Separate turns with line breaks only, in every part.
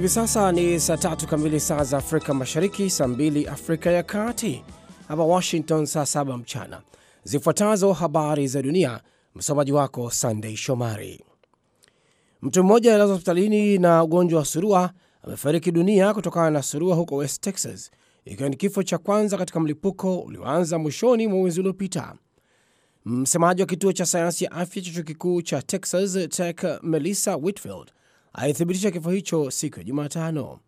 Hivi sasa ni saa tatu kamili saa za Afrika Mashariki, saa mbili Afrika ya Kati, hapa Washington saa saba mchana. Zifuatazo habari za dunia, msomaji wako Sandei Shomari. Mtu mmoja alazwa hospitalini na ugonjwa wa surua amefariki dunia kutokana na surua huko West Texas, ikiwa ni kifo cha kwanza katika mlipuko ulioanza mwishoni mwa mwezi uliopita. Msemaji wa kituo cha sayansi ya afya cha chuo kikuu cha Texas Tech, Melissa Whitfield alithibitisha kifo hicho siku ya Jumatano.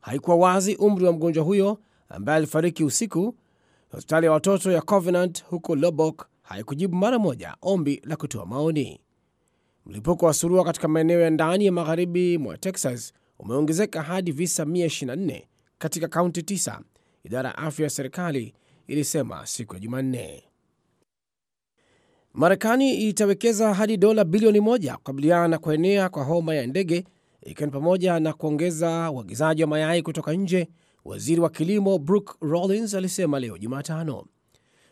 Haikuwa wazi umri wa mgonjwa huyo ambaye alifariki usiku. Hospitali ya watoto ya Covenant huko Lobok haikujibu mara moja ombi la kutoa maoni. Mlipuko wa surua katika maeneo ya ndani ya magharibi mwa Texas umeongezeka hadi visa 124 katika kaunti 9, idara ya afya ya serikali ilisema siku ya Jumanne. Marekani itawekeza hadi dola bilioni moja kukabiliana na kuenea kwa homa ya ndege, ikiwa ni pamoja na kuongeza uagizaji wa mayai kutoka nje. Waziri wa kilimo Brooke Rollins alisema leo Jumatano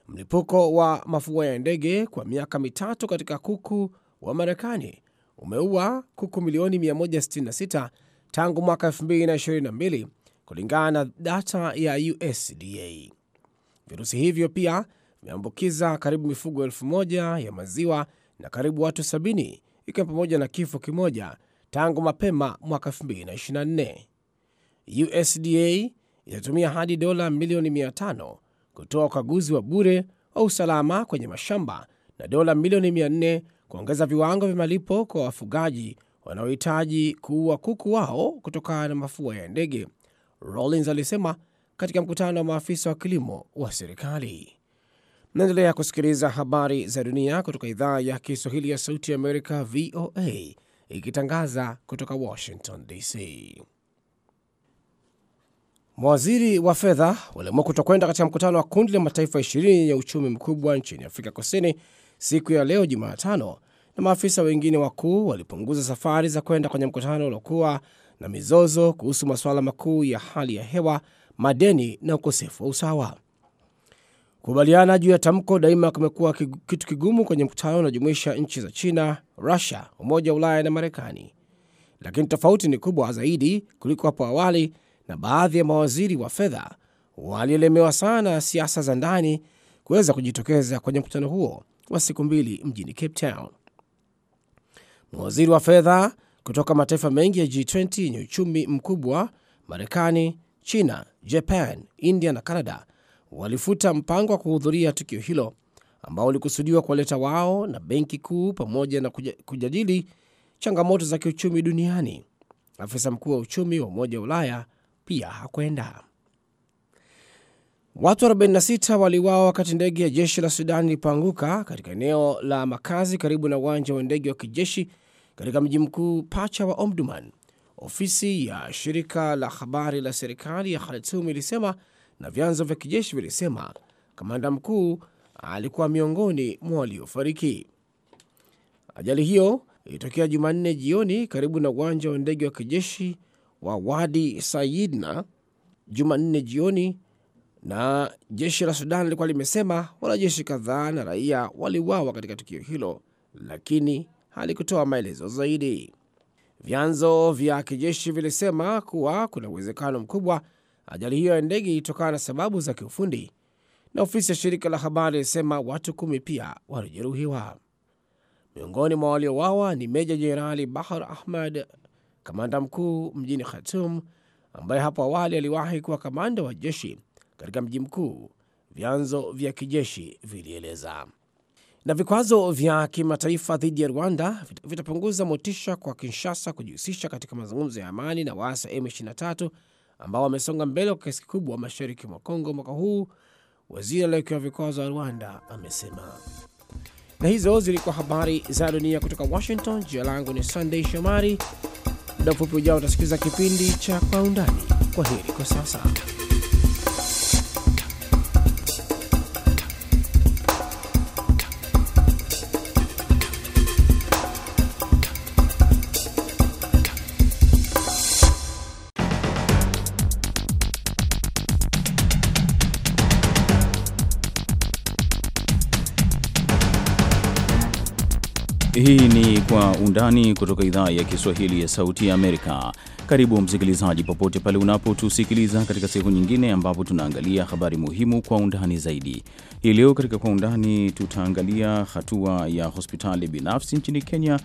mlipuko wa mafua ya ndege kwa miaka mitatu katika kuku wa Marekani umeua kuku milioni 166 tangu mwaka 2022 kulingana na data ya USDA. Virusi hivyo pia imeambukiza karibu mifugo elfu moja ya maziwa na karibu watu 70 ikiwa pamoja na kifo kimoja tangu mapema mwaka 2024. USDA itatumia hadi dola milioni 500 kutoa ukaguzi wa bure wa usalama kwenye mashamba na dola milioni 400 kuongeza viwango vya malipo kwa wafugaji wanaohitaji kuua kuku wao kutokana na mafua ya ndege, Rawlings alisema katika mkutano wa maafisa wa kilimo wa serikali. Naendelea kusikiliza habari za dunia kutoka idhaa ya Kiswahili ya Sauti ya Amerika, VOA, ikitangaza kutoka Washington DC. Mawaziri wa fedha waliamua kutokwenda katika mkutano wa kundi la mataifa ishirini yenye uchumi mkubwa nchini Afrika Kusini siku ya leo Jumatano, na maafisa wengine wakuu walipunguza safari za kwenda kwenye mkutano uliokuwa na mizozo kuhusu masuala makuu ya hali ya hewa, madeni na ukosefu wa usawa. Kukubaliana juu ya tamko daima kumekuwa kitu kigumu kwenye mkutano unaojumuisha nchi za China, Rusia, Umoja wa Ulaya na Marekani, lakini tofauti ni kubwa zaidi kuliko hapo awali, na baadhi ya mawaziri wa fedha walielemewa sana siasa za ndani kuweza kujitokeza kwenye mkutano huo wa siku mbili mjini Cape Town. Mawaziri wa fedha kutoka mataifa mengi ya G20 yenye uchumi mkubwa, Marekani, China, Japan, India na Canada walifuta mpango wa kuhudhuria tukio hilo ambao ulikusudiwa kuwaleta wao na benki kuu pamoja na kujadili changamoto za kiuchumi duniani. Afisa mkuu wa uchumi wa Umoja wa Ulaya pia hakwenda. Watu 46 waliuawa wakati ndege ya jeshi la Sudan ilipoanguka katika eneo la makazi karibu na uwanja wa ndege wa kijeshi katika mji mkuu pacha wa Omduman. Ofisi ya shirika la habari la serikali ya Khartoum ilisema na vyanzo vya kijeshi vilisema kamanda mkuu alikuwa miongoni mwa waliofariki. Ajali hiyo ilitokea Jumanne jioni karibu na uwanja wa ndege wa kijeshi wa Wadi Sayidna Jumanne jioni, na jeshi la Sudan lilikuwa limesema wanajeshi kadhaa na raia waliuawa katika tukio hilo, lakini halikutoa maelezo zaidi. Vyanzo vya kijeshi vilisema kuwa kuna uwezekano mkubwa Ajali hiyo ya ndege ilitokana na sababu za kiufundi, na ofisi ya shirika la habari ilisema watu kumi pia walijeruhiwa. Miongoni mwa waliowawa ni Meja Jenerali Bahar Ahmad, kamanda mkuu mjini Khartoum, ambaye hapo awali aliwahi kuwa kamanda wa jeshi katika mji mkuu, vyanzo vya kijeshi vilieleza. Na vikwazo vya kimataifa dhidi ya Rwanda vitapunguza motisha kwa Kinshasa kujihusisha katika mazungumzo ya amani na waasi wa M23 ambao wamesonga mbele kwa kiasi kikubwa mashariki mwa Kongo mwaka huu, waziri aliyewekewa vikwazo wa Rwanda amesema. Na hizo zilikuwa habari za dunia kutoka Washington. Jina langu ni sandey Shomari. Muda mfupi ujao utasikiliza kipindi cha Kwa Undani. Kwa heri kwa sasa.
undani kutoka idhaa ya Kiswahili ya Sauti ya Amerika. Karibu msikilizaji, popote pale unapotusikiliza katika sehemu nyingine ambapo tunaangalia habari muhimu kwa undani zaidi. Hii leo katika kwa undani tutaangalia hatua ya hospitali binafsi nchini Kenya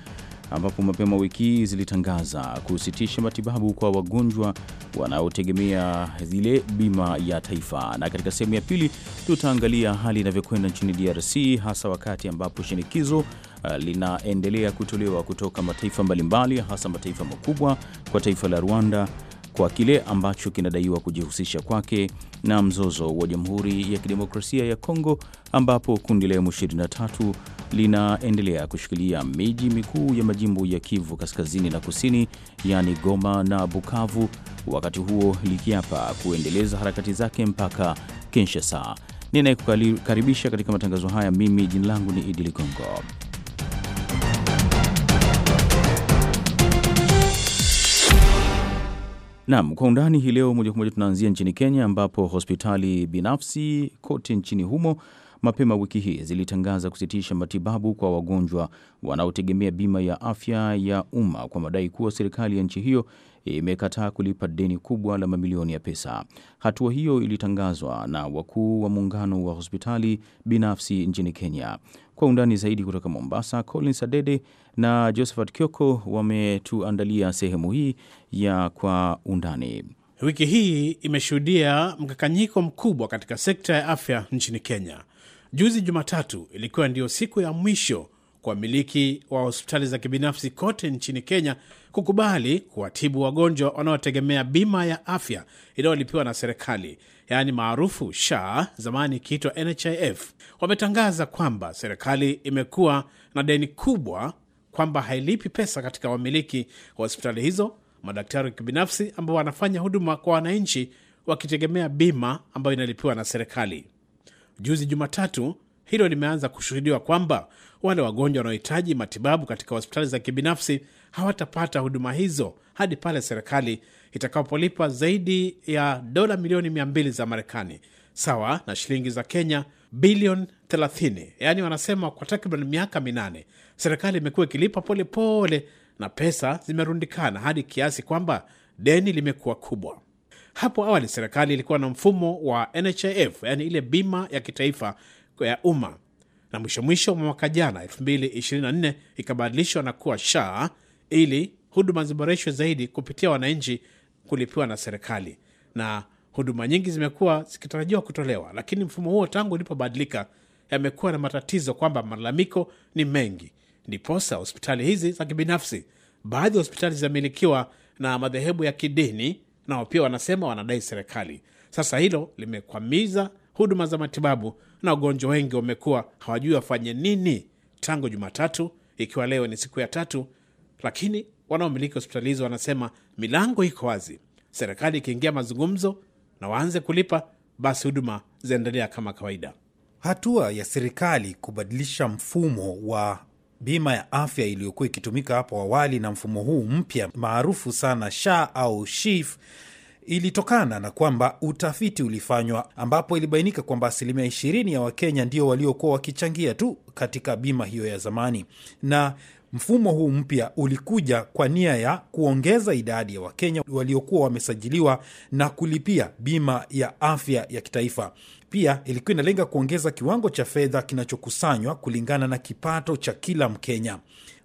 ambapo mapema wiki hii zilitangaza kusitisha matibabu kwa wagonjwa wanaotegemea zile bima ya taifa. Na katika sehemu ya pili tutaangalia hali inavyokwenda nchini DRC, hasa wakati ambapo shinikizo Uh, linaendelea kutolewa kutoka mataifa mbalimbali, hasa mataifa makubwa kwa taifa la Rwanda kwa kile ambacho kinadaiwa kujihusisha kwake na mzozo wa Jamhuri ya Kidemokrasia ya Kongo, ambapo kundi la M23 linaendelea kushikilia miji mikuu ya majimbo ya Kivu Kaskazini na Kusini, yaani Goma na Bukavu, wakati huo likiapa kuendeleza harakati zake mpaka Kinshasa. Ninayekukaribisha katika matangazo haya, mimi jina langu ni Idi Ligongo. Naam, kwa undani hii leo moja kwa moja tunaanzia nchini Kenya ambapo hospitali binafsi kote nchini humo mapema wiki hii zilitangaza kusitisha matibabu kwa wagonjwa wanaotegemea bima ya afya ya umma kwa madai kuwa serikali ya nchi hiyo imekataa kulipa deni kubwa la mamilioni ya pesa. Hatua hiyo ilitangazwa na wakuu wa muungano wa hospitali binafsi nchini Kenya. Kwa undani zaidi kutoka Mombasa, Collins Adede na Josephat Kioko wametuandalia sehemu hii ya Kwa Undani.
Wiki hii imeshuhudia mkakanyiko mkubwa katika sekta ya afya nchini Kenya. Juzi Jumatatu ilikuwa ndiyo siku ya mwisho wamiliki wa hospitali za kibinafsi kote nchini Kenya kukubali kuwatibu wagonjwa wanaotegemea bima ya afya inayolipiwa na serikali, yaani maarufu SHA, zamani ikiitwa NHIF. Wametangaza kwamba serikali imekuwa na deni kubwa, kwamba hailipi pesa katika wamiliki wa hospitali hizo, madaktari wa kibinafsi ambao wanafanya huduma kwa wananchi wakitegemea bima ambayo inalipiwa na serikali. Juzi Jumatatu, hilo limeanza kushuhudiwa kwamba wale wagonjwa wanaohitaji matibabu katika hospitali za kibinafsi hawatapata huduma hizo hadi pale serikali itakapolipa zaidi ya dola milioni 200 za Marekani, sawa na shilingi za Kenya bilioni 30. Yaani wanasema kwa takriban miaka minane serikali imekuwa ikilipa polepole na pesa zimerundikana hadi kiasi kwamba deni limekuwa kubwa. Hapo awali serikali ilikuwa na mfumo wa NHIF, yaani ile bima ya kitaifa ya umma na mwisho mwisho mwa mwaka jana 224 ikabadilishwa na kuwa SHA ili huduma ziboreshwe zaidi kupitia wananchi kulipiwa na serikali, na huduma nyingi zimekuwa zikitarajiwa kutolewa, lakini mfumo huo tangu ulipobadilika yamekuwa na matatizo kwamba malalamiko ni mengi, ndiposa hospitali hizi za kibinafsi, baadhi ya hospitali zinamilikiwa na madhehebu ya kidini, nao pia wanasema wanadai serikali. Sasa hilo limekwamiza huduma za matibabu, na wagonjwa wengi wamekuwa hawajui wafanye nini tangu Jumatatu, ikiwa leo ni siku ya tatu, lakini wanaomiliki hospitali hizo wanasema milango iko wazi. Serikali ikiingia mazungumzo na waanze kulipa, basi huduma zinaendelea kama kawaida. Hatua ya serikali kubadilisha
mfumo wa bima ya afya iliyokuwa ikitumika hapo awali na mfumo huu mpya maarufu sana SHA au SHIF ilitokana na kwamba utafiti ulifanywa ambapo ilibainika kwamba asilimia 20 ya Wakenya ndio waliokuwa wakichangia tu katika bima hiyo ya zamani na mfumo huu mpya ulikuja kwa nia ya kuongeza idadi ya Wakenya waliokuwa wamesajiliwa na kulipia bima ya afya ya kitaifa. Pia ilikuwa inalenga kuongeza kiwango cha fedha kinachokusanywa kulingana na kipato cha kila Mkenya.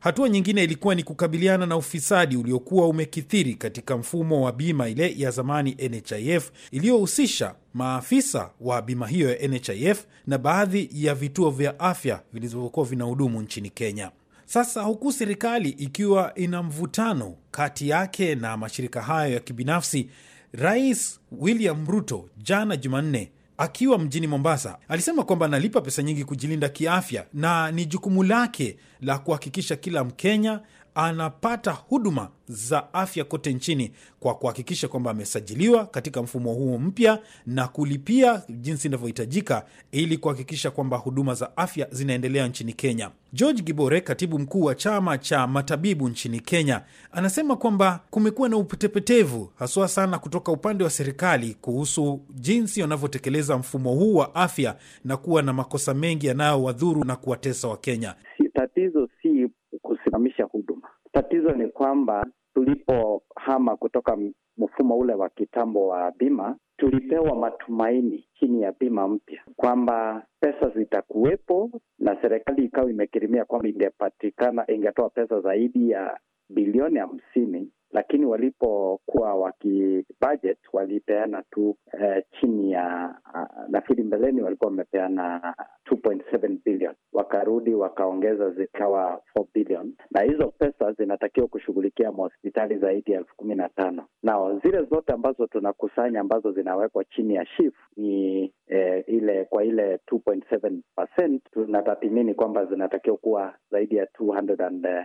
Hatua nyingine ilikuwa ni kukabiliana na ufisadi uliokuwa umekithiri katika mfumo wa bima ile ya zamani NHIF iliyohusisha maafisa wa bima hiyo ya NHIF na baadhi ya vituo vya afya vilivyokuwa vinahudumu nchini Kenya. Sasa huku serikali ikiwa ina mvutano kati yake na mashirika hayo ya kibinafsi, Rais William Ruto jana Jumanne akiwa mjini Mombasa alisema kwamba analipa pesa nyingi kujilinda kiafya na ni jukumu lake la kuhakikisha kila Mkenya anapata huduma za afya kote nchini kwa kuhakikisha kwamba amesajiliwa katika mfumo huo mpya na kulipia jinsi inavyohitajika ili kuhakikisha kwamba huduma za afya zinaendelea nchini Kenya. George Gibore, katibu mkuu wa chama cha matabibu nchini Kenya, anasema kwamba kumekuwa na upetepetevu haswa sana kutoka upande wa serikali kuhusu jinsi wanavyotekeleza mfumo huu wa afya na kuwa na makosa mengi yanayowadhuru na kuwatesa Wakenya.
Si, tatizo si kusimamisha huduma Tatizo ni kwamba tulipohama kutoka mfumo ule wa kitambo wa bima, tulipewa matumaini chini ya bima mpya kwamba pesa zitakuwepo, na serikali ikawa imekirimia kwamba ingepatikana, ingetoa pesa zaidi ya bilioni hamsini lakini walipokuwa waki budget walipeana tu eh, chini ya uh, nafikiri mbeleni walikuwa wamepeana 2.7 billion, wakarudi wakaongeza zikawa 4 billion, na hizo pesa zinatakiwa kushughulikia mahospitali zaidi ya elfu kumi na tano na zile zote ambazo tunakusanya ambazo zinawekwa chini ya SHIF ni eh, ile kwa ile 2.7% tunatathimini kwamba zinatakiwa kuwa zaidi ya 233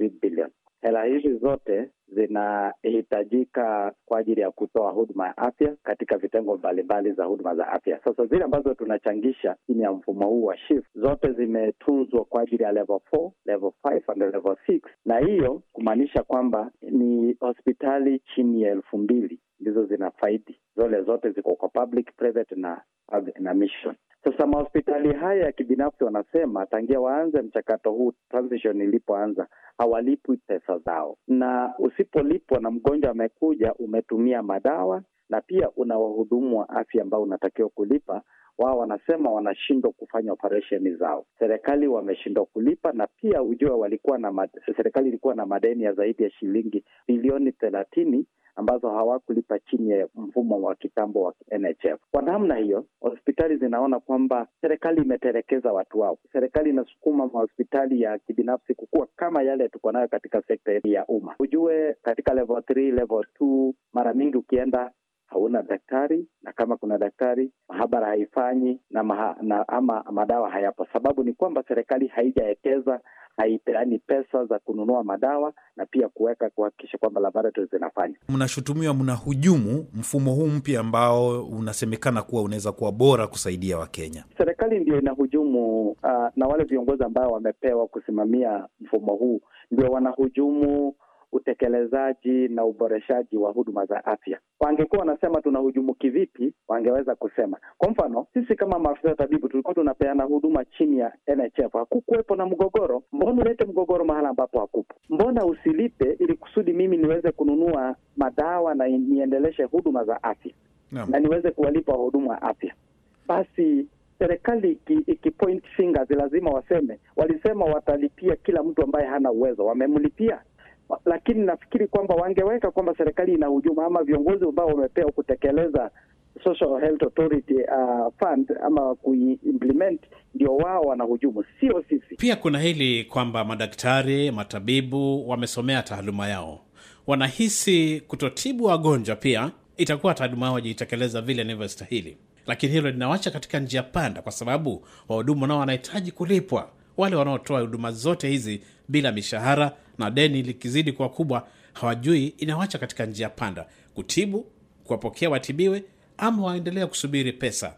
eh, billion. Hela hizi zote zinahitajika kwa ajili ya kutoa huduma ya afya katika vitengo mbalimbali za huduma za afya. Sasa zile ambazo tunachangisha chini ya mfumo huu wa SHIF zote zimetuzwa kwa ajili ya level 4, level 5 level 6, na hiyo kumaanisha kwamba ni hospitali chini ya elfu mbili ndizo zinafaidi, zole zote ziko kwa public, private na na mission. Sasa mahospitali haya ya kibinafsi wanasema tangia waanze mchakato huu transition ilipoanza hawalipwi pesa zao, na usipolipwa na mgonjwa amekuja, umetumia madawa na pia una wahudumu wa afya ambao unatakiwa kulipa wao wanasema wanashindwa kufanya operesheni zao, serikali wameshindwa kulipa, na pia ujue walikuwa na serikali ilikuwa na madeni ya zaidi ya shilingi bilioni thelathini ambazo hawakulipa chini ya mfumo wa kitambo wa NHF. Kwa namna hiyo, hospitali zinaona kwamba serikali imeterekeza watu wao. Serikali inasukuma mahospitali ya kibinafsi kukua kama yale tuko nayo katika sekta ya umma. Ujue katika level 3, level 2, mara mingi ukienda hauna daktari na kama kuna daktari mahabara haifanyi na, maha, na ama madawa hayapo. Sababu ni kwamba serikali haijawekeza haipeani pesa za kununua madawa na pia kuweka kuhakikisha kwamba laboratories zinafanya.
Mnashutumiwa mnahujumu mfumo huu mpya ambao unasemekana kuwa unaweza kuwa bora kusaidia Wakenya.
Serikali ndio inahujumu uh, na wale viongozi ambao wamepewa kusimamia mfumo huu ndio wanahujumu utekelezaji na uboreshaji wa huduma za afya. Wangekuwa wanasema tunahujumu kivipi, wangeweza kusema. Kwa mfano, sisi kama maafisa wa tabibu tulikuwa tunapeana huduma chini ya NHF, hakukuwepo na mgogoro. Mbona ulete mgogoro mahala ambapo hakupo? Mbona usilipe ili kusudi mimi niweze kununua madawa na niendeleshe huduma za afya no. na niweze kuwalipa wahudumu wa afya? Basi serikali ikipoint fingers lazima waseme, walisema watalipia kila mtu ambaye hana uwezo, wamemlipia lakini nafikiri kwamba wangeweka kwamba serikali ina hujuma ama viongozi ambao wamepewa kutekeleza Social Health Authority uh, fund ama kuimplement ndio wao wanahujumu, sio
sisi. Pia kuna hili kwamba madaktari, matabibu wamesomea taaluma yao, wanahisi kutotibu wagonjwa pia itakuwa taaluma yao wajitekeleza vile inavyostahili, lakini hilo linawacha katika njia panda, kwa sababu wahudumu nao wanahitaji kulipwa, wale wanaotoa huduma zote hizi bila mishahara na deni likizidi kuwa kubwa, hawajui inawacha katika njia panda: kutibu, kuwapokea watibiwe, ama waendelea kusubiri pesa.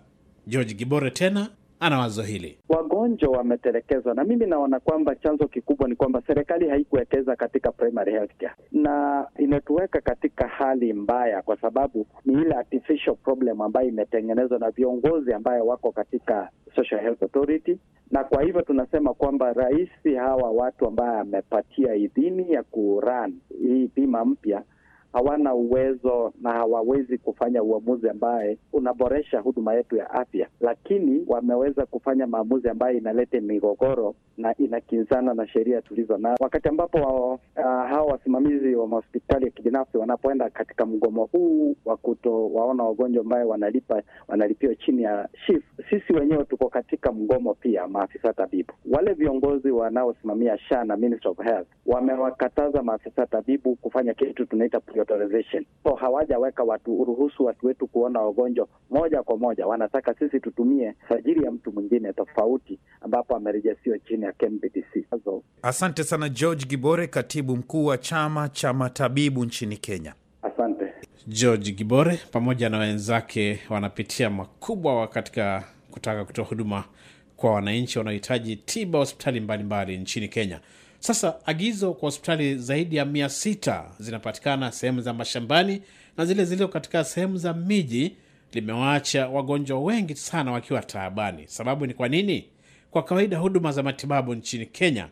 George Gibore tena ana wazo hili.
Wagonjwa wametelekezwa, na mimi naona kwamba chanzo kikubwa ni kwamba serikali haikuwekeza katika primary healthcare, na imetuweka katika hali mbaya, kwa sababu ni ile artificial problem ambayo imetengenezwa na viongozi ambayo wako katika Social Health Authority, na kwa hivyo tunasema kwamba rais, hawa watu ambaye amepatia idhini ya kuran hii bima mpya hawana uwezo na hawawezi kufanya uamuzi ambaye unaboresha huduma yetu ya afya, lakini wameweza kufanya maamuzi ambaye inaleta migogoro na inakinzana na sheria tulizo nayo, wakati ambapo uh, hawa wasimamizi wa mahospitali ya kibinafsi wanapoenda katika mgomo huu wa kutowaona wagonjwa ambaye wanalipa wanalipiwa chini ya SHIF. Sisi wenyewe tuko katika mgomo pia, maafisa tabibu wale viongozi wanaosimamia SHA na Ministry of Health wamewakataza maafisa tabibu kufanya kitu tunaita television So hawajaweka watu ruhusu watu wetu kuona wagonjwa moja kwa moja, wanataka sisi tutumie sajili ya mtu mwingine tofauti ambapo amerejesiwa chini ya KMPDC.
So, asante sana George Gibore, katibu mkuu wa chama cha matabibu
nchini Kenya. Asante George Gibore pamoja na wenzake wanapitia makubwa katika kutaka kutoa huduma kwa wananchi wanaohitaji tiba hospitali mbalimbali nchini Kenya. Sasa agizo kwa hospitali zaidi ya mia sita zinapatikana sehemu za mashambani na zile zilizo katika sehemu za miji limewaacha wagonjwa wengi sana wakiwa taabani. Sababu ni kwa nini? Kwa kawaida huduma za matibabu nchini Kenya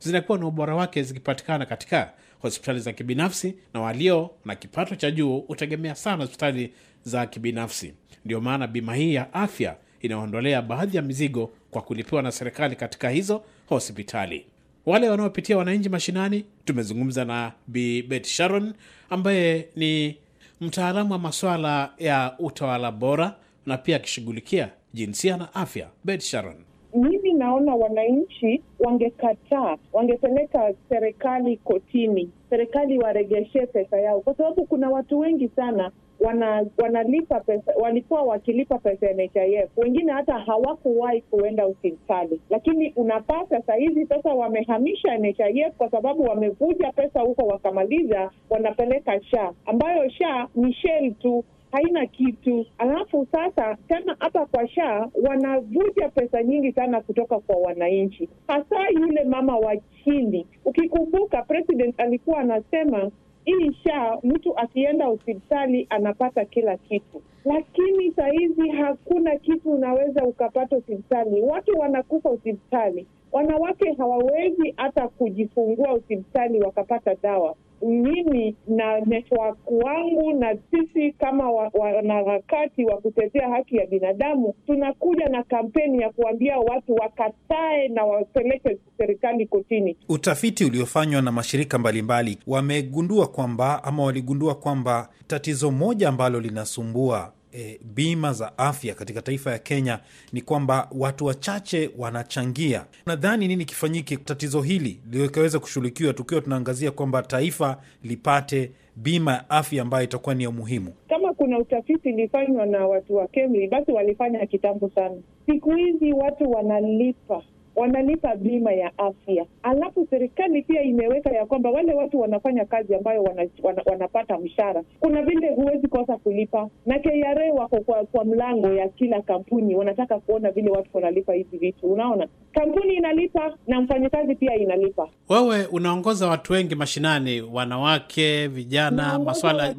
zinakuwa na ubora wake zikipatikana katika hospitali za kibinafsi, na walio na kipato cha juu hutegemea sana hospitali za kibinafsi. Ndiyo maana bima hii ya afya inaondolea baadhi ya mizigo kwa kulipiwa na serikali katika hizo hospitali wale wanaopitia wananchi mashinani. Tumezungumza na Bi Sharon ambaye ni mtaalamu wa maswala ya utawala bora na pia akishughulikia jinsia na afya. Bet Sharon:
mimi naona wananchi wangekataa, wangepeleka serikali kotini, serikali waregeshe pesa yao, kwa sababu kuna watu wengi sana wana, wanalipa pesa, walikuwa wakilipa pesa ya NHIF, wengine hata hawakuwahi kuenda hospitali, lakini unapata saa hizi sasa wamehamisha NHIF kwa sababu wamevuja pesa huko wakamaliza, wanapeleka SHA ambayo SHA ni shell tu haina kitu. Alafu sasa tena hapa kwa SHA wanavuja pesa nyingi sana kutoka kwa wananchi, hasa yule mama wa chini. Ukikumbuka, president alikuwa anasema hii sha mtu akienda hospitali anapata kila kitu, lakini sahizi hakuna kitu unaweza ukapata hospitali. Watu wanakufa hospitali, wanawake hawawezi hata kujifungua hospitali wakapata dawa mimi na network wangu na sisi kama wanaharakati wa, wa kutetea haki ya binadamu tunakuja na kampeni ya kuambia watu wakatae na wapeleke serikali kotini.
Utafiti uliofanywa na mashirika mbalimbali wamegundua kwamba ama waligundua kwamba tatizo moja ambalo linasumbua e, bima za afya katika taifa ya Kenya ni kwamba watu wachache wanachangia. Nadhani nini kifanyike tatizo hili likaweza kushughulikiwa, tukiwa tunaangazia kwamba taifa lipate bima ya afya ambayo itakuwa ni ya umuhimu.
Kama kuna utafiti ilifanywa na watu wa KEMRI, basi walifanya kitambo sana. Siku hizi watu wanalipa wanalipa bima ya afya, alafu serikali pia imeweka ya kwamba wale watu wanafanya kazi ambayo wana, wana, wanapata mshahara, kuna vile huwezi kosa kulipa, na KRA wako kwa, kwa mlango ya kila kampuni, wanataka kuona vile watu wanalipa hizi vitu. Unaona, kampuni inalipa na mfanyakazi pia inalipa.
Wewe unaongoza watu wengi mashinani, wanawake, vijana, maswala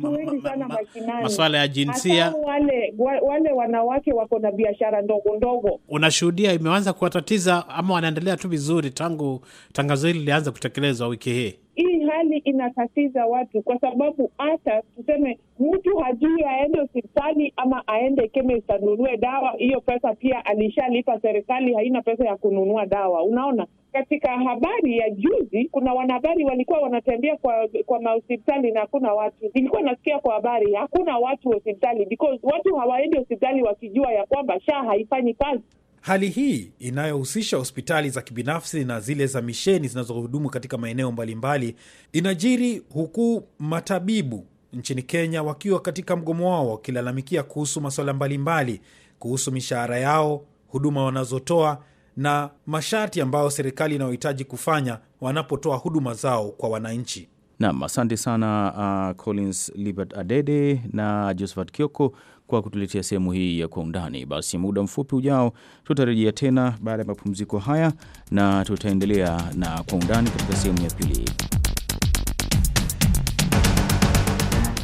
maswala ya jinsia. wale wale wanawake wako na biashara ndogo ndogo,
unashuhudia imeanza kuwatatiza ama ama wanaendelea tu vizuri tangu tangazo hili lilianza kutekelezwa wiki hii?
Hii hali inatatiza watu kwa sababu hata tuseme mtu hajui aende hospitali ama aende chemist anunue dawa. Hiyo pesa pia alishalipa serikali, haina pesa ya kununua dawa. Unaona, katika habari ya juzi, kuna wanahabari walikuwa wanatembea kwa kwa mahospitali na hakuna watu. Nilikuwa nasikia kwa habari hakuna watu hospitali, because watu hawaendi hospitali wakijua ya kwamba SHA haifanyi kazi.
Hali hii inayohusisha hospitali za kibinafsi na zile za misheni zinazohudumu katika maeneo mbalimbali inajiri huku matabibu nchini Kenya wakiwa katika mgomo wao wakilalamikia kuhusu masuala mbalimbali kuhusu mishahara yao, huduma wanazotoa na masharti ambayo serikali inayohitaji kufanya wanapotoa huduma zao kwa wananchi.
Nam, asante sana uh, Collins Libert Adede na Josephat Kioko kwa kutuletea sehemu hii ya kwa undani. Basi muda mfupi ujao tutarejea tena baada ya mapumziko haya, na tutaendelea na kwa undani katika sehemu ya pili.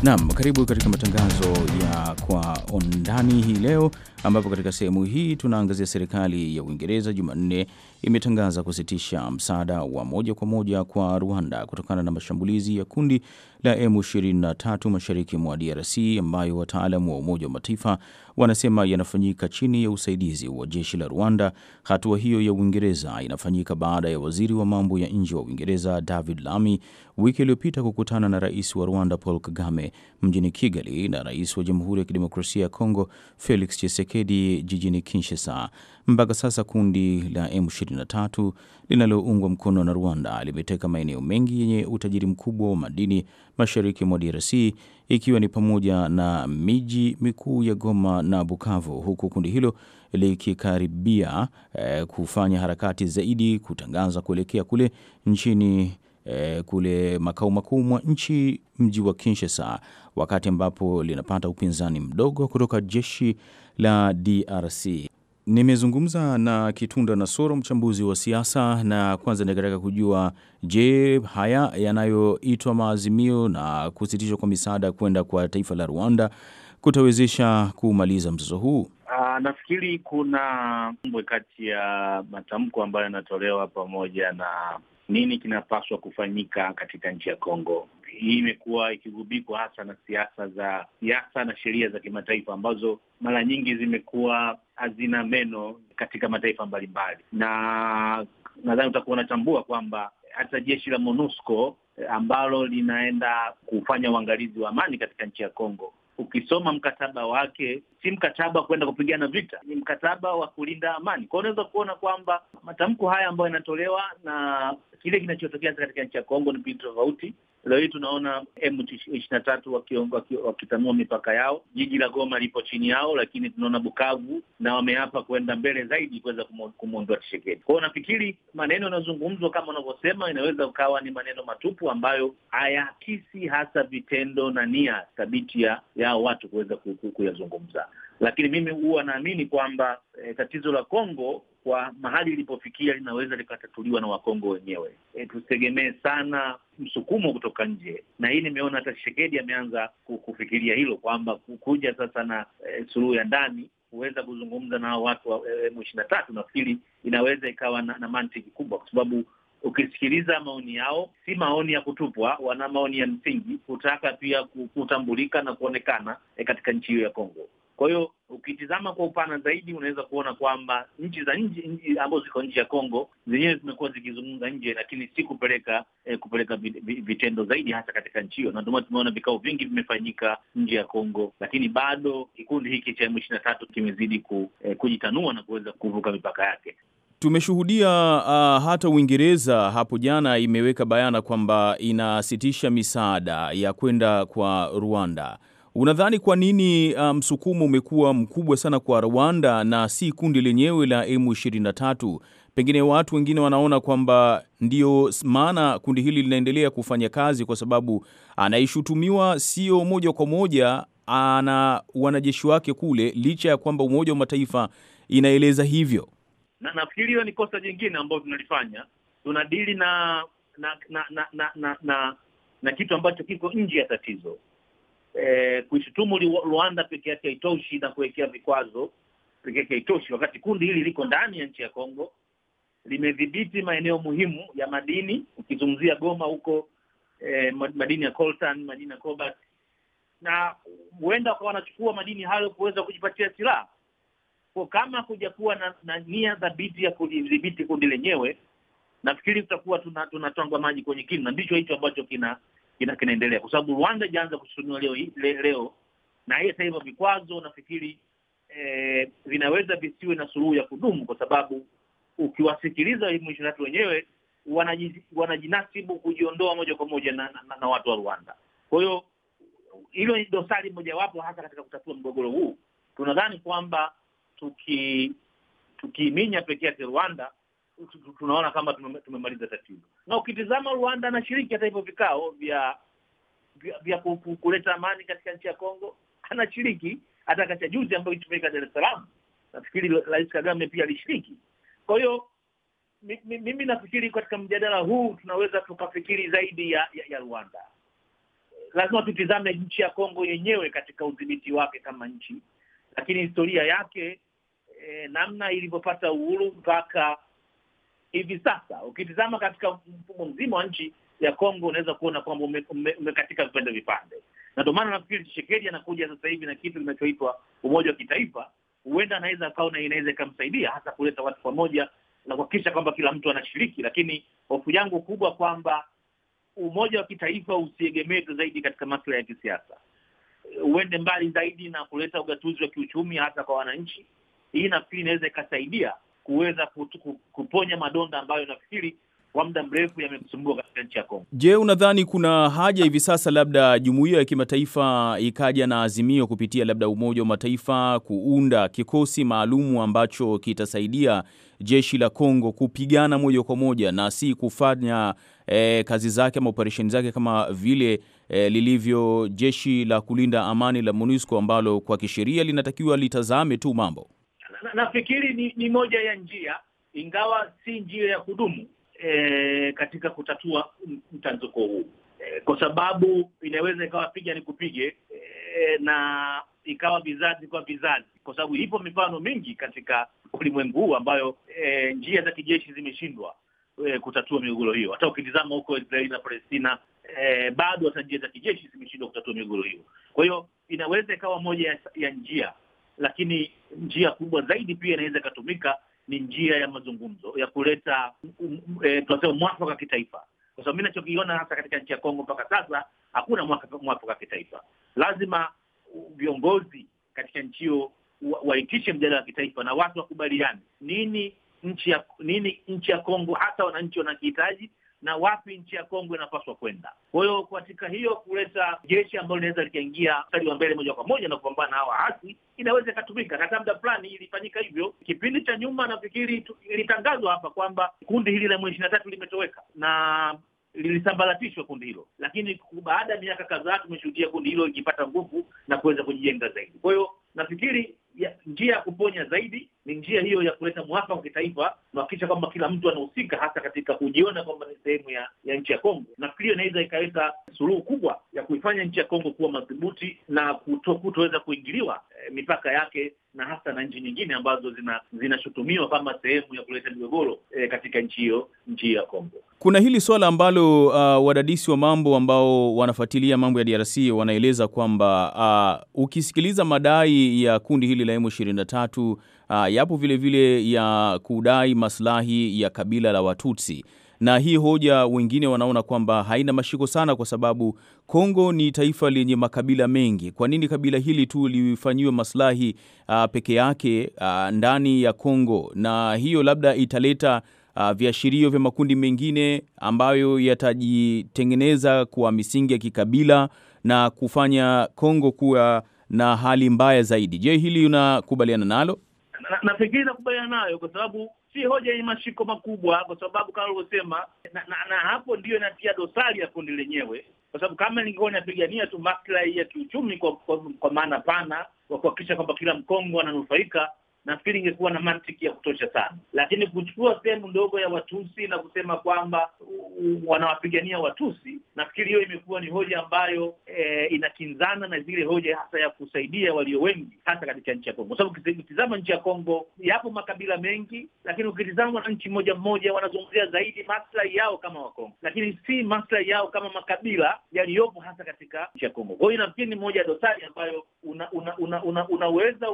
Naam, karibu katika matangazo ya kwa undani hii leo ambapo katika sehemu hii tunaangazia serikali ya Uingereza Jumanne imetangaza kusitisha msaada wa moja kwa moja kwa Rwanda kutokana na mashambulizi ya kundi la M23 mashariki mwa DRC ambayo wataalamu wa Umoja wa Mataifa wanasema yanafanyika chini ya usaidizi wa jeshi la Rwanda. Hatua hiyo ya Uingereza inafanyika baada ya waziri wa mambo ya nje wa Uingereza David lami wiki iliyopita kukutana na rais wa Rwanda Paul Kagame mjini Kigali na rais wa Jamhuri ya Kidemokrasia ya Kongo Felix Tshisekedi Tshisekedi jijini Kinshasa. Mpaka sasa kundi la M23 linaloungwa mkono na Rwanda limeteka maeneo mengi yenye utajiri mkubwa wa madini mashariki mwa DRC, ikiwa ni pamoja na miji mikuu ya Goma na Bukavu, huku kundi hilo likikaribia eh, kufanya harakati zaidi kutangaza kuelekea kule nchini e, kule makao makuu mwa nchi mji wa Kinshasa, wakati ambapo linapata upinzani mdogo kutoka jeshi la DRC. Nimezungumza na Kitunda na soro mchambuzi wa siasa, na kwanza nikataka kujua, je, haya yanayoitwa maazimio na kusitishwa kwa misaada kwenda kwa taifa la Rwanda kutawezesha kumaliza mzozo huu?
Ah, nafikiri kuna mbwe kati ya matamko ambayo yanatolewa pamoja na nini kinapaswa kufanyika katika nchi ya Kongo. Hii imekuwa ikigubikwa hasa na siasa za siasa na sheria za kimataifa ambazo mara nyingi zimekuwa hazina meno katika mataifa mbalimbali, na nadhani utakuwa unatambua kwamba hata jeshi la MONUSCO eh, ambalo linaenda kufanya uangalizi wa amani katika nchi ya Kongo ukisoma mkataba wake, si mkataba wa kuenda kupigana vita, ni mkataba wa kulinda amani. Kwa unaweza kuona kwamba matamko haya ambayo yanatolewa na kile kinachotokea katika nchi ya Kongo ni vitu tofauti, Leo hii tunaona M ishirini na tatu wakitanua mipaka yao. Jiji la Goma lipo chini yao, lakini tunaona Bukavu na wameapa kwenda mbele zaidi kuweza kumwondoa Tshisekedi. kwao nafikiri maneno yanayozungumzwa kama unavyosema, inaweza ukawa ni maneno matupu ambayo hayaakisi hasa vitendo na nia thabiti ya watu kuweza kuyazungumza. Lakini mimi huwa naamini kwamba e, tatizo la Kongo kwa mahali ilipofikia linaweza likatatuliwa na Wakongo wenyewe. E, tusitegemee sana msukumo kutoka nje, na hii nimeona hata Shekedi ameanza kufikiria hilo kwamba kuja sasa na e, suluhu ya ndani huweza kuzungumza na hao watu wa M ishirini na tatu. Nafikiri inaweza ikawa na, na mantiki kubwa, kwa sababu ukisikiliza maoni yao si maoni ya kutupwa, wana maoni ya msingi kutaka pia kutambulika na kuonekana e, katika nchi hiyo ya Kongo. Kwa hiyo ukitizama kwa upana zaidi, unaweza kuona kwamba nchi za nje ambazo ziko nje ya Kongo zenyewe zimekuwa zikizungumza nje, lakini si kupeleka eh, kupeleka vitendo zaidi, hasa katika nchi hiyo, na ndio maana tumeona vikao vingi vimefanyika nje ya Kongo, lakini bado kikundi hiki cha M ishirini na tatu kimezidi ku, eh, kujitanua na kuweza kuvuka mipaka yake.
Tumeshuhudia uh, hata Uingereza hapo jana imeweka bayana kwamba inasitisha misaada ya kwenda kwa Rwanda. Unadhani kwa nini uh, msukumo um, umekuwa mkubwa sana kwa Rwanda na si kundi lenyewe la M23? Pengine watu wengine wanaona kwamba ndio maana kundi hili linaendelea kufanya kazi, kwa sababu anaishutumiwa sio moja kwa moja ana wanajeshi wake kule, licha ya kwamba Umoja wa Mataifa inaeleza hivyo,
na nafikiri hiyo ni kosa jingine ambayo tunalifanya. Tunadili na na na na, na, na, na, na kitu ambacho kiko nje ya tatizo eh, kuishutumu Rwanda peke yake haitoshi na kuwekea vikwazo peke yake haitoshi, wakati kundi hili liko ndani ya nchi ya Kongo, limedhibiti maeneo muhimu ya madini. Ukizungumzia Goma huko eh, madini ya coltan, madini ya cobalt, na huenda wakawa wanachukua madini hayo kuweza kujipatia silaha kwa kama kujakuwa na, na nia thabiti ya kulidhibiti kundi lenyewe, nafikiri tutakuwa tunatwangwa tuna maji kwenye kinu, na ndicho hicho ambacho kina kina kinaendelea, kwa sababu Rwanda ijaanza kushutumiwa leo, le, leo na hii sasa vikwazo nafikiri eh, vinaweza visiwe na suluhu ya kudumu, kwa sababu ukiwasikiliza M23 wenyewe wanajinasibu kujiondoa moja kwa moja na, na, na watu wa Rwanda. Kwa hiyo hilo ni dosari mojawapo hasa katika kutatua mgogoro huu. Tunadhani kwamba tuki- tukiiminya pekee yake Rwanda tunaona kama tumemaliza tatizo. Na ukitizama Rwanda anashiriki hata hivyo vikao vya vya kuleta amani katika nchi ya Kongo, anashiriki hata katika juzi ambayo itumika Dar es Salaam, nafikiri Rais Kagame pia alishiriki. Kwa hiyo mimi nafikiri katika mjadala huu tunaweza tukafikiri zaidi ya, ya, ya Rwanda. Lazima tutizame nchi ya Kongo yenyewe katika udhibiti wake kama nchi, lakini historia yake eh, namna ilivyopata uhuru mpaka hivi sasa. Ukitizama katika mfumo mzima wa nchi ya Kongo unaweza kuona kwamba umekatika vipande vipande, na ndio maana nafikiri Tshisekedi anakuja sasa hivi na kitu kinachoitwa umoja wa kitaifa. Huenda anaweza akaona inaweza ikamsaidia hasa kuleta watu pamoja na kuhakikisha kwamba kila mtu anashiriki, lakini hofu yangu kubwa kwamba umoja wa kitaifa usiegemee zaidi katika maslahi ya kisiasa, uende mbali zaidi na kuleta ugatuzi wa kiuchumi hata kwa wananchi. Hii nafikiri inaweza ikasaidia kuweza kuponya madonda ambayo nafikiri kwa muda mrefu yamemsumbua katika nchi ya Kongo.
Je, unadhani kuna haja hivi sasa labda jumuiya ya kimataifa ikaja na azimio kupitia labda Umoja wa Mataifa kuunda kikosi maalumu ambacho kitasaidia jeshi la Kongo kupigana moja kwa moja na si kufanya e, kazi zake ama operesheni zake kama vile e, lilivyo jeshi la kulinda amani la MONUSCO ambalo kwa kisheria linatakiwa litazame tu mambo
na, nafikiri ni, ni moja ya njia, ingawa si njia ya kudumu e, katika kutatua mtanzuko huu e, kwa sababu inaweza ikawa piga ni kupige e, na ikawa vizazi kwa vizazi, kwa sababu ipo mifano mingi katika ulimwengu huu ambayo e, njia za kijeshi zimeshindwa e, kutatua migogoro hiyo. Hata ukitizama huko Israeli na Palestina e, bado hata njia za kijeshi zimeshindwa kutatua migogoro hiyo. Kwa hiyo inaweza ikawa moja ya, ya njia lakini njia kubwa zaidi pia inaweza ikatumika ni njia ya mazungumzo ya kuleta e, tunasema mwafaka wa kitaifa, kwa sababu mi nachokiona hasa katika nchi ya Kongo mpaka sasa hakuna mwafaka wa kitaifa. Lazima viongozi katika nchi hiyo waitishe mjadala wa kitaifa na watu wakubaliani nini nchi ya nini nchi ya Kongo hasa wananchi wanakihitaji na wapi nchi ya Kongo inapaswa kwenda. Kwa hiyo katika hiyo kuleta jeshi ambalo linaweza likaingia mstari wa mbele moja kwa moja na kupambana na hawa hasi, inaweza ikatumika katika muda fulani. Ilifanyika hivyo kipindi cha nyuma, nafikiri ilitangazwa hapa kwamba kundi hili la M ishirini na tatu limetoweka na lilisambaratishwa kundi hilo, lakini baada ya miaka kadhaa tumeshuhudia kundi hilo ikipata nguvu na kuweza kujijenga zaidi. Kwa hiyo nafikiri ya, njia ya kuponya zaidi ni njia hiyo ya kuleta mwafaka wa kitaifa, kuhakikisha kwamba kila mtu anahusika, hasa katika kujiona kwamba ni sehemu ya, ya nchi ya Kongo. Nafikiri inaweza ikaleta suluhu kubwa ya kuifanya nchi ya Kongo kuwa madhubuti na kuto, kutoweza kuingiliwa e, mipaka yake na hasa na nchi nyingine ambazo zinashutumiwa zina kama sehemu ya kuleta migogoro e, katika nchi hiyo nchi ya Kongo.
Kuna hili swala ambalo uh, wadadisi wa mambo ambao wanafuatilia mambo ya DRC wanaeleza kwamba uh, ukisikiliza madai ya kundi hili la M23 uh, yapo vile vile ya kudai maslahi ya kabila la Watutsi na hii hoja wengine wanaona kwamba haina mashiko sana, kwa sababu Kongo ni taifa lenye makabila mengi. Kwa nini kabila hili tu lifanyiwe maslahi uh, peke yake uh, ndani ya Kongo? Na hiyo labda italeta uh, viashirio vya makundi mengine ambayo yatajitengeneza kwa misingi ya kikabila na kufanya Kongo kuwa na hali mbaya zaidi. Je, hili unakubaliana nalo?
Nafikiri na, na nakubaliana nayo kwa sababu si hoja yenye mashiko makubwa, kwa sababu kama ulivyosema, na, na, na hapo ndiyo inatia dosari ya kundi lenyewe, kwa sababu kama ningekuwa inapigania tu maslahi ya kiuchumi kwa, kwa, kwa maana pana wa kuhakikisha kwamba kila Mkongo ananufaika nafikiri ingekuwa na mantiki ya kutosha sana, lakini kuchukua sehemu ndogo ya Watusi na kusema kwamba wanawapigania Watusi, nafikiri hiyo imekuwa ni hoja ambayo e, inakinzana na zile hoja hasa ya kusaidia walio wengi, hasa katika nchi ya Kongo, kwa sababu ukitizama nchi ya Kongo yapo makabila mengi, lakini ukitizama wananchi mmoja mmoja wanazungumzia zaidi maslahi yao kama Wakongo, lakini si maslahi yao kama makabila yaliyopo hasa katika nchi ya Kongo. Kwa hiyo nafikiri ni moja ya dosari ambayo una, una, una, una, unaweza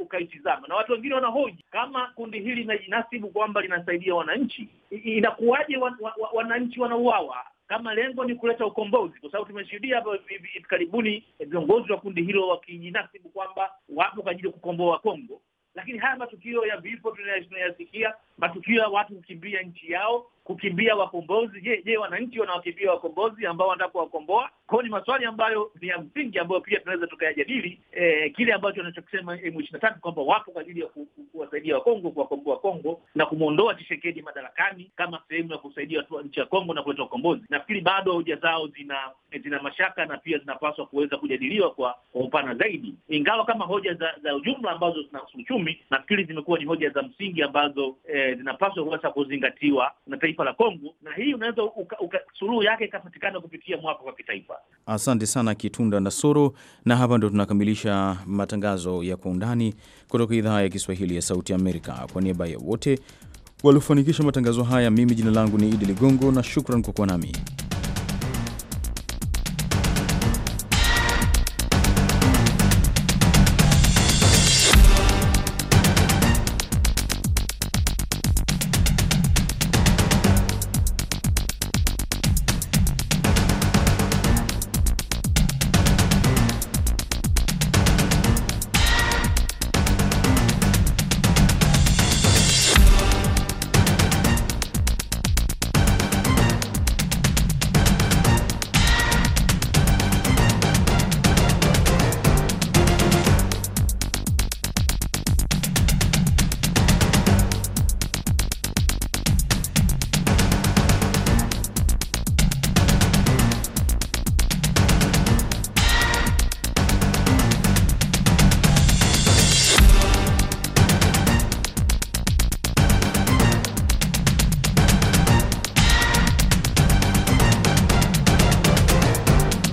ukaitizama uka, uka na watu watu wengine wanahoji kama kundi hili linajinasibu kwamba linasaidia wananchi, inakuwaje wa, wa, wananchi wanauawa kama lengo ni kuleta ukombozi? Kwa sababu tumeshuhudia hapa hivi karibuni eh, viongozi wa kundi hilo wakijinasibu kwamba wapo kwa ajili ya kukomboa Kongo, lakini haya matukio ya vifo tunayasikia matukio ya watu kukimbia nchi yao, kukimbia wakombozi. Je, je, wananchi wanawakimbia wakombozi ambao wanataka kuwakomboa? Kwao ni maswali ambayo ni ya msingi ambayo pia tunaweza tukayajadili. Eh, kile ambacho anachokisema M ishirini na tatu kwamba wapo kwa ajili ya kuwasaidia Wakongo, kuwakomboa Kongo na kumwondoa Tshisekedi madarakani kama sehemu ya kusaidia watu nchi ya Kongo na kuleta ukombozi. Nafikiri bado hoja zao zina zina mashaka na pia zinapaswa kuweza kujadiliwa kwa kwa upana zaidi, ingawa kama hoja za, za ujumla ambazo zinahusu uchumi, nafikiri zimekuwa ni hoja za msingi ambazo eh, Eh, zinapaswa kuweza kuzingatiwa na taifa la Kongo, na hii unaweza suluhu yake ikapatikana kupitia mwaka wa kitaifa.
Asante sana Kitunda na soro na hapa ndo tunakamilisha matangazo ya Kwa Undani kutoka idhaa ya Kiswahili ya Sauti Amerika. Kwa niaba ya wote waliofanikisha matangazo haya, mimi jina langu ni Idi Ligongo na shukran kwa kuwa nami.